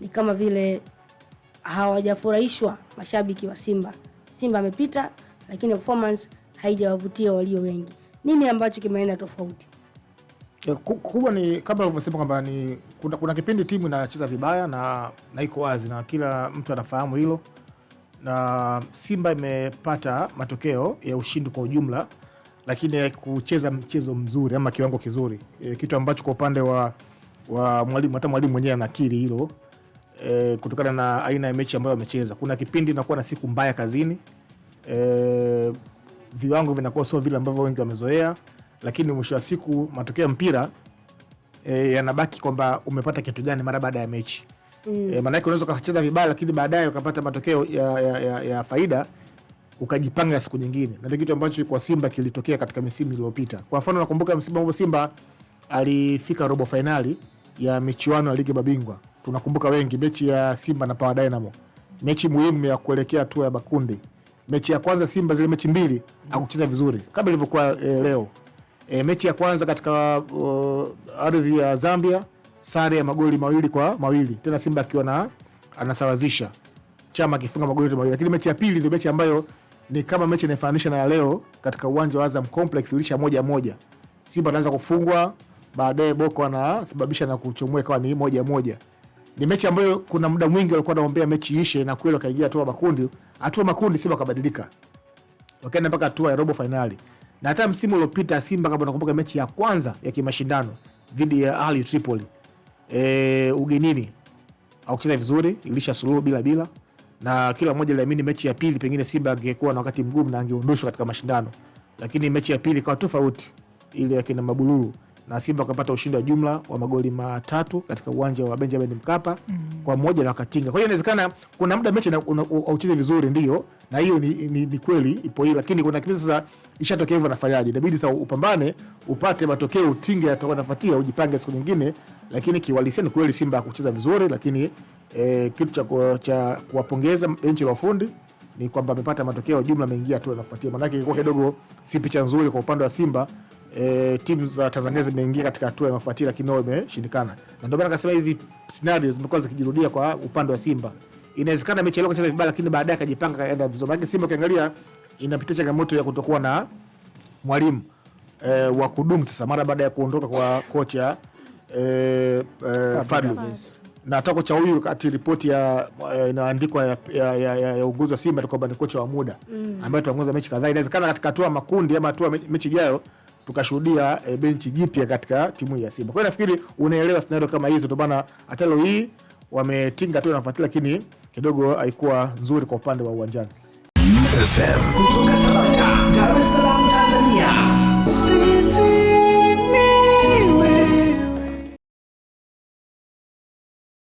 ni kama vile hawajafurahishwa mashabiki wa Simba. Simba amepita, lakini performance haijawavutia walio wengi. Nini ambacho kimeenda tofauti? Eh, kubwa ni kama ulivyosema kwamba ni kuna, kuna kipindi timu inacheza vibaya na, na iko wazi na kila mtu anafahamu hilo, na Simba imepata matokeo ya ushindi kwa ujumla, lakini kucheza mchezo mzuri ama kiwango kizuri e, kitu ambacho kwa upande wa, wa mwalimu hata mwalimu mwenyewe anakiri hilo e, kutokana na aina ya mechi ambayo wamecheza. Kuna kipindi inakuwa na siku mbaya kazini e, viwango vinakuwa sio vile ambavyo wengi wamezoea, lakini mwisho wa siku matokeo ya mpira e, yanabaki kwamba umepata kitu gani mara baada ya mechi mm. E, maanake unaweza ukacheza vibaya, lakini baadaye ukapata matokeo ya, ya, ya, ya faida ukajipanga siku nyingine, na kitu ambacho kwa Simba kilitokea katika misimu iliyopita. Kwa mfano, nakumbuka msimu ambao Simba alifika robo fainali ya michuano ya ligi mabingwa tunakumbuka wengi mechi ya Simba na Power Dynamo, mechi muhimu ya kuelekea hatua ya makundi. Mechi ya kwanza Simba zile mechi mbili hakucheza vizuri kama ilivyokuwa e, leo e, mechi ya kwanza katika uh, ardhi ya Zambia sare ya magoli mawili kwa mawili tena Simba akiwa na anasawazisha Chama akifunga magoli yote mawili, lakini mechi ya pili ndio mechi ambayo ni kama mechi inafananisha na ya leo katika uwanja wa Azam Complex, ilisha moja moja, Simba anaanza kufungwa, baadaye Boko anasababisha na kuchomua ikawa ni moja moja ni mechi ambayo kuna muda mwingi walikuwa wanaombea mechi ishe, na kweli wakaingia hatua makundi. Hatua makundi Simba wakabadilika, wakaenda mpaka hatua ya robo fainali, na hata msimu uliopita Simba, kama nakumbuka, mechi ya kwanza ya kimashindano dhidi ya Ahli Tripoli e, ugenini aucheza vizuri, ilisha suluhu bila bila, na kila mmoja aliamini mechi ya pili pengine Simba angekuwa na wakati mgumu na angeondoshwa katika mashindano, lakini mechi ya pili ikawa tofauti, ile ya kina Mabululu na Simba wakapata ushindi wa jumla wa magoli matatu katika uwanja wa Benjamin Mkapa mm -hmm. kwa moja na wakatinga. Kwa hiyo inawezekana kuna muda mechi aucheze vizuri, ndio, na hiyo ni, ni, ni kweli ipo hii, lakini kuna kipindi sasa ishatokea hivyo, nafanyaje? Inabidi sasa upambane upate matokeo, utinge nafatia, ujipange siku nyingine, lakini kiwalisia ni kweli Simba akucheza vizuri, lakini eh, kitu cha kuwapongeza benchi la ufundi ni kwamba amepata matokeo jumla, ameingia tu anafuatia, maanake ilikuwa kidogo si picha nzuri kwa upande wa Simba e, timu za Tanzania zimeingia katika hatua ya mafuatia lakini nao imeshindikana, na ndio maana akasema hizi scenario zimekuwa zikijirudia kwa upande wa Simba. Inawezekana mechi aliyocheza vibaya, lakini baadaye akajipanga kaenda vizuri, lakini Simba ukiangalia inapitia changamoto ya kutokuwa na mwalimu e, wa kudumu sasa mara baada ya kuondoka kwa kocha e, e, Fadlu na tako kocha huyu kati ripoti ya e, inaandikwa ya, ya, ya, ya, ya uongozi wa Simba kwamba ni kocha wa muda mm, ambaye ataongoza mechi kadhaa. Inawezekana katika hatua makundi ama hatua mechi ijayo tukashuhudia e, benchi jipya katika timu hii ya Simba. Kwa hiyo nafikiri unaelewa scenario kama hizo, ndio maana hata leo hii wametinga tu nafuatilia, lakini kidogo haikuwa nzuri kwa upande wa uwanjani.